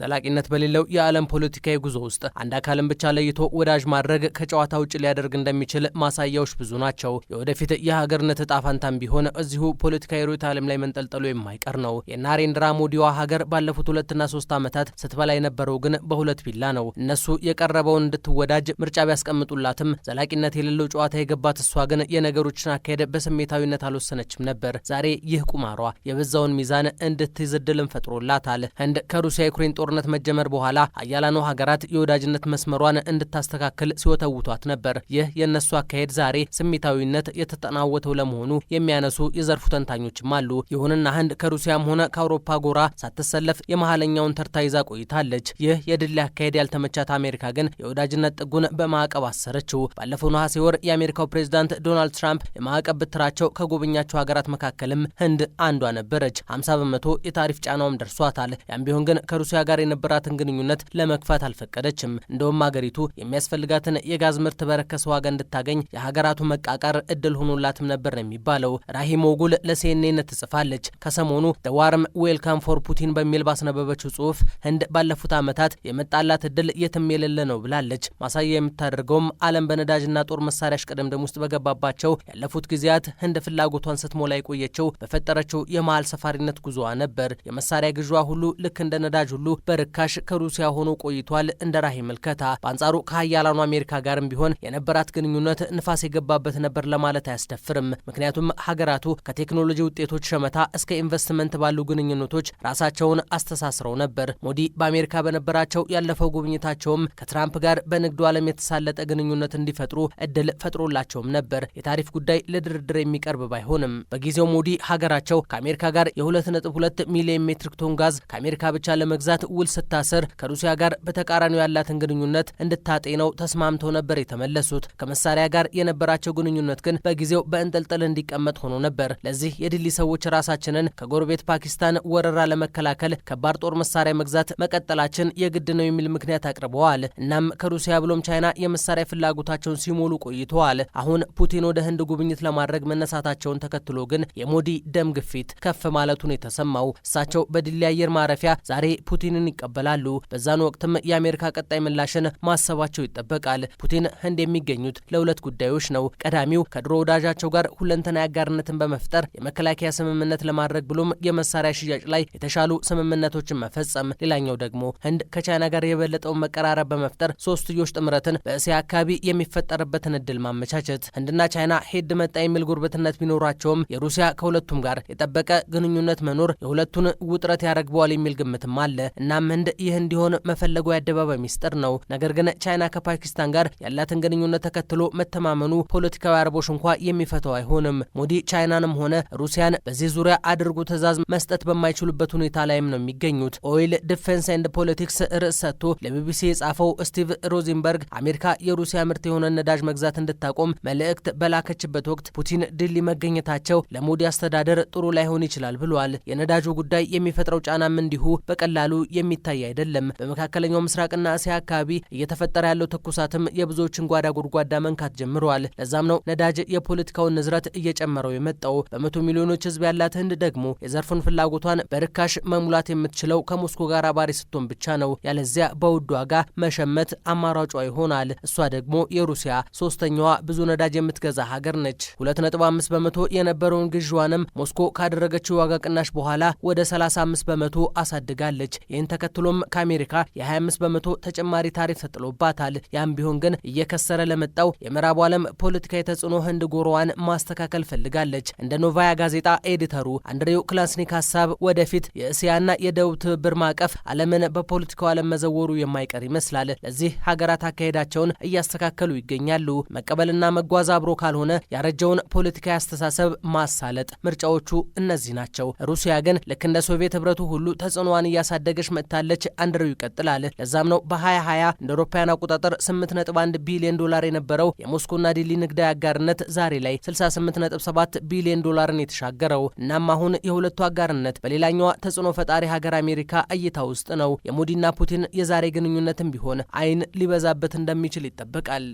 ዘላቂነት በሌለው የዓለም ፖለቲካዊ ጉዞ ውስጥ አንድ አካልን ብቻ ለይቶ ወዳጅ ማድረግ ከጨዋታ ውጭ ሊያደርግ እንደሚችል ማሳያዎች ብዙ ናቸው። የወደፊት የሀገርነት እጣ ፈንታም ቢሆን እዚሁ ፖለቲካዊ ሩት ዓለም ላይ መንጠልጠሉ የማይቀር ነው። የናሬንድራ ሞዲዋ ሀገር ባለፉት ሁለትና ሶስት ዓመታት ስትበላ የነበረው ግን በሁለት ቢላ ነው። እነሱ የቀረበውን እንድትወዳጅ ምርጫ ቢያስቀምጡላትም ዘላቂነት የሌለው ጨዋታ የገባት እሷ ግን የነገሮችን አካሄደ በስሜታዊነት አልወሰነችም ነበር። ዛሬ ይህ ቁማሯ የበዛውን ሚዛን እንድትይዝ ፈጥሮላታል። ህንድ ከሩሲያ ዩክሬን ጦር ጦርነት መጀመር በኋላ አያላኑ ሀገራት የወዳጅነት መስመሯን እንድታስተካክል ሲወተውቷት ነበር። ይህ የእነሱ አካሄድ ዛሬ ስሜታዊነት የተጠናወተው ለመሆኑ የሚያነሱ የዘርፉ ተንታኞችም አሉ። ይሁንና ህንድ ከሩሲያም ሆነ ከአውሮፓ ጎራ ሳትሰለፍ የመሀለኛውን ተርታ ይዛ ቆይታለች። ይህ የድል አካሄድ ያልተመቻት አሜሪካ ግን የወዳጅነት ጥጉን በማዕቀብ አሰረችው። ባለፈው ነሐሴ ወር የአሜሪካው ፕሬዚዳንት ዶናልድ ትራምፕ የማዕቀብ ብትራቸው ከጎበኛቸው ሀገራት መካከልም ህንድ አንዷ ነበረች። 50 በመቶ የታሪፍ ጫናውም ደርሷታል። ያም ቢሆን ግን ከሩሲያ ጋር ጋር የነበራትን ግንኙነት ለመግፋት አልፈቀደችም። እንደውም አገሪቱ የሚያስፈልጋትን የጋዝ ምርት በረከሰ ዋጋ እንድታገኝ የሀገራቱ መቃቃር እድል ሆኖላትም ነበር ነው የሚባለው። ራሂም ሞጉል ለሲኤንኤን ትጽፋለች። ከሰሞኑ ደዋርም ዌልካም ፎር ፑቲን በሚል ባስነበበችው ጽሁፍ ህንድ ባለፉት ዓመታት የመጣላት እድል የትም የሌለ ነው ብላለች። ማሳያ የምታደርገውም ዓለም በነዳጅና ጦር መሳሪያ እሽቅድምድም ውስጥ በገባባቸው ያለፉት ጊዜያት ህንድ ፍላጎቷን ስትሞላ የቆየችው በፈጠረችው የመሀል ሰፋሪነት ጉዞዋ ነበር። የመሳሪያ ግዥዋ ሁሉ ልክ እንደ ነዳጅ ሁሉ በርካሽ ከሩሲያ ሆኖ ቆይቷል። እንደ ራሄ መልከታ በአንጻሩ ከሀያላኑ አሜሪካ ጋርም ቢሆን የነበራት ግንኙነት ንፋስ የገባበት ነበር ለማለት አያስደፍርም። ምክንያቱም ሀገራቱ ከቴክኖሎጂ ውጤቶች ሸመታ እስከ ኢንቨስትመንት ባሉ ግንኙነቶች ራሳቸውን አስተሳስረው ነበር። ሞዲ በአሜሪካ በነበራቸው ያለፈው ጉብኝታቸውም ከትራምፕ ጋር በንግዱ ዓለም የተሳለጠ ግንኙነት እንዲፈጥሩ እድል ፈጥሮላቸውም ነበር። የታሪፍ ጉዳይ ለድርድር የሚቀርብ ባይሆንም በጊዜው ሞዲ ሀገራቸው ከአሜሪካ ጋር የ2.2 ሚሊዮን ሜትሪክ ቶን ጋዝ ከአሜሪካ ብቻ ለመግዛት ውል ስታሰር ከሩሲያ ጋር በተቃራኒው ያላትን ግንኙነት እንድታጤነው ተስማምተው ነበር የተመለሱት። ከመሳሪያ ጋር የነበራቸው ግንኙነት ግን በጊዜው በእንጥልጥል እንዲቀመጥ ሆኖ ነበር። ለዚህ የድሊ ሰዎች ራሳችንን ከጎረቤት ፓኪስታን ወረራ ለመከላከል ከባድ ጦር መሳሪያ መግዛት መቀጠላችን የግድ ነው የሚል ምክንያት አቅርበዋል። እናም ከሩሲያ ብሎም ቻይና የመሳሪያ ፍላጎታቸውን ሲሞሉ ቆይተዋል። አሁን ፑቲን ወደ ህንድ ጉብኝት ለማድረግ መነሳታቸውን ተከትሎ ግን የሞዲ ደም ግፊት ከፍ ማለቱ የተሰማው። እሳቸው በድሊ አየር ማረፊያ ዛሬ ፑቲን ፑቲንን ይቀበላሉ። በዛን ወቅትም የአሜሪካ ቀጣይ ምላሽን ማሰባቸው ይጠበቃል። ፑቲን ህንድ የሚገኙት ለሁለት ጉዳዮች ነው። ቀዳሚው ከድሮ ወዳጃቸው ጋር ሁለንተና አጋርነትን በመፍጠር የመከላከያ ስምምነት ለማድረግ ብሎም የመሳሪያ ሽያጭ ላይ የተሻሉ ስምምነቶችን መፈጸም፣ ሌላኛው ደግሞ ህንድ ከቻይና ጋር የበለጠውን መቀራረብ በመፍጠር ሶስትዮሽ ጥምረትን በእስያ አካባቢ የሚፈጠርበትን እድል ማመቻቸት። ህንድና ቻይና ሄድ መጣ የሚል ጉርብትነት ቢኖራቸውም የሩሲያ ከሁለቱም ጋር የጠበቀ ግንኙነት መኖር የሁለቱን ውጥረት ያረግበዋል የሚል ግምትም አለ። እናም ህንድ ይህ እንዲሆን መፈለጉ የአደባባይ ሚስጥር ነው። ነገር ግን ቻይና ከፓኪስታን ጋር ያላትን ግንኙነት ተከትሎ መተማመኑ ፖለቲካዊ አረቦች እንኳ የሚፈተው አይሆንም። ሞዲ ቻይናንም ሆነ ሩሲያን በዚህ ዙሪያ አድርጉ ትዕዛዝ መስጠት በማይችሉበት ሁኔታ ላይም ነው የሚገኙት። ኦይል ዲፌንስ ኤንድ ፖለቲክስ ርዕስ ሰጥቶ ለቢቢሲ የጻፈው ስቲቭ ሮዚንበርግ አሜሪካ የሩሲያ ምርት የሆነ ነዳጅ መግዛት እንድታቆም መልእክት በላከችበት ወቅት ፑቲን ድል መገኘታቸው ለሞዲ አስተዳደር ጥሩ ላይሆን ይችላል ብሏል። የነዳጁ ጉዳይ የሚፈጥረው ጫናም እንዲሁ በቀላሉ የሚታይ አይደለም። በመካከለኛው ምስራቅና እስያ አካባቢ እየተፈጠረ ያለው ትኩሳትም የብዙዎችን ጓዳ ጎድጓዳ መንካት ጀምረዋል። ለዛም ነው ነዳጅ የፖለቲካውን ንዝረት እየጨመረው የመጣው። በመቶ ሚሊዮኖች ህዝብ ያላት ህንድ ደግሞ የዘርፉን ፍላጎቷን በርካሽ መሙላት የምትችለው ከሞስኮ ጋር አባሪ ስትሆን ብቻ ነው። ያለዚያ በውድ ዋጋ መሸመት አማራጯ ይሆናል። እሷ ደግሞ የሩሲያ ሶስተኛዋ ብዙ ነዳጅ የምትገዛ ሀገር ነች። ሁለት ነጥብ አምስት በመቶ የነበረውን ግዥዋንም ሞስኮ ካደረገችው ዋጋ ቅናሽ በኋላ ወደ ሰላሳ አምስት በመቶ አሳድጋለች። ይህን ይህን ተከትሎም ከአሜሪካ የ25 በመቶ ተጨማሪ ታሪፍ ተጥሎባታል። ያም ቢሆን ግን እየከሰረ ለመጣው የምዕራቡ ዓለም ፖለቲካ የተጽዕኖ ህንድ ጎሮዋን ማስተካከል ፈልጋለች። እንደ ኖቫያ ጋዜጣ ኤዲተሩ አንድሬው ክላስኒክ ሀሳብ ወደፊት የእስያና የደቡብ ትብብር ማዕቀፍ ዓለምን በፖለቲካው ዓለም መዘወሩ የማይቀር ይመስላል። ለዚህ ሀገራት አካሄዳቸውን እያስተካከሉ ይገኛሉ። መቀበልና መጓዝ አብሮ ካልሆነ ያረጀውን ፖለቲካዊ አስተሳሰብ ማሳለጥ። ምርጫዎቹ እነዚህ ናቸው። ሩሲያ ግን ልክ እንደ ሶቪየት ህብረቱ ሁሉ ተጽዕኖዋን እያሳደገች መጥታለች። አንድሬው ይቀጥላል። ለዛም ነው በ2020 እንደ አውሮፓውያን አቆጣጠር 8.1 ቢሊዮን ዶላር የነበረው የሞስኮና ዲሊ ንግዳዊ አጋርነት ዛሬ ላይ 68.7 ቢሊዮን ዶላርን የተሻገረው። እናም አሁን የሁለቱ አጋርነት በሌላኛዋ ተጽዕኖ ፈጣሪ ሀገር አሜሪካ እይታ ውስጥ ነው። የሞዲና ፑቲን የዛሬ ግንኙነትም ቢሆን አይን ሊበዛበት እንደሚችል ይጠበቃል።